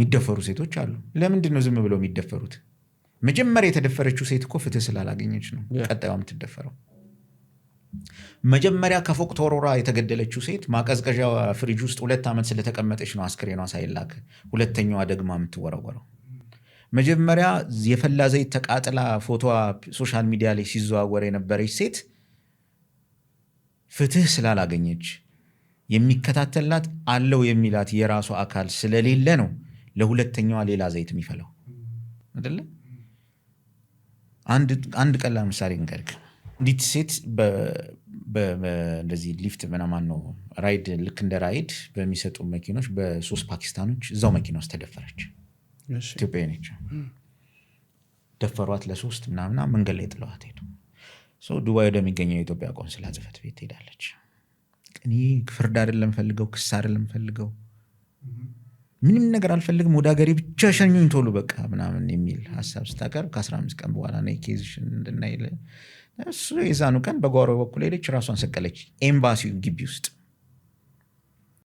የሚደፈሩ ሴቶች አሉ። ለምንድን ነው ዝም ብለው የሚደፈሩት? መጀመሪያ የተደፈረችው ሴት እኮ ፍትህ ስላላገኘች ነው ቀጣዩ የምትደፈረው። መጀመሪያ ከፎቅ ተወርውራ የተገደለችው ሴት ማቀዝቀዣ ፍሪጅ ውስጥ ሁለት ዓመት ስለተቀመጠች ነው አስክሬኗ ሳይላክ ሁለተኛዋ ደግማ የምትወረወረው። መጀመሪያ የፈላ ዘይት ተቃጥላ ፎቶ ሶሻል ሚዲያ ላይ ሲዘዋወር የነበረች ሴት ፍትህ ስላላገኘች የሚከታተልላት አለው የሚላት የራሱ አካል ስለሌለ ነው ለሁለተኛዋ ሌላ ዘይት የሚፈላው አይደለ? አንድ ቀላል ምሳሌ እንገርግ። እንዲት ሴት እንደዚህ ሊፍት ምናምን ነው ራይድ፣ ልክ እንደ ራይድ በሚሰጡ መኪኖች በሶስት ፓኪስታኖች እዛው መኪና ውስጥ ተደፈረች። ኢትዮጵያ ነች። ደፈሯት ለሶስት ምናምና መንገድ ላይ ጥለዋት ሄዱ። ዱባይ ወደሚገኘው የኢትዮጵያ ቆንስላ ጽሕፈት ቤት ሄዳለች። እኔ ፍርድ አይደለም ፈልገው ክስ አይደለም ፈልገው ምንም ነገር አልፈልግም፣ ወደ ሀገሬ ብቻ ሸኙኝ ቶሎ በቃ ምናምን የሚል ሀሳብ ስታቀርብ ከ15 ቀን በኋላ ነ ኬዝሽን እንድናይል እሱ የዛኑ ቀን በጓሮ በኩል ሄደች፣ ራሷን ሰቀለች ኤምባሲው ግቢ ውስጥ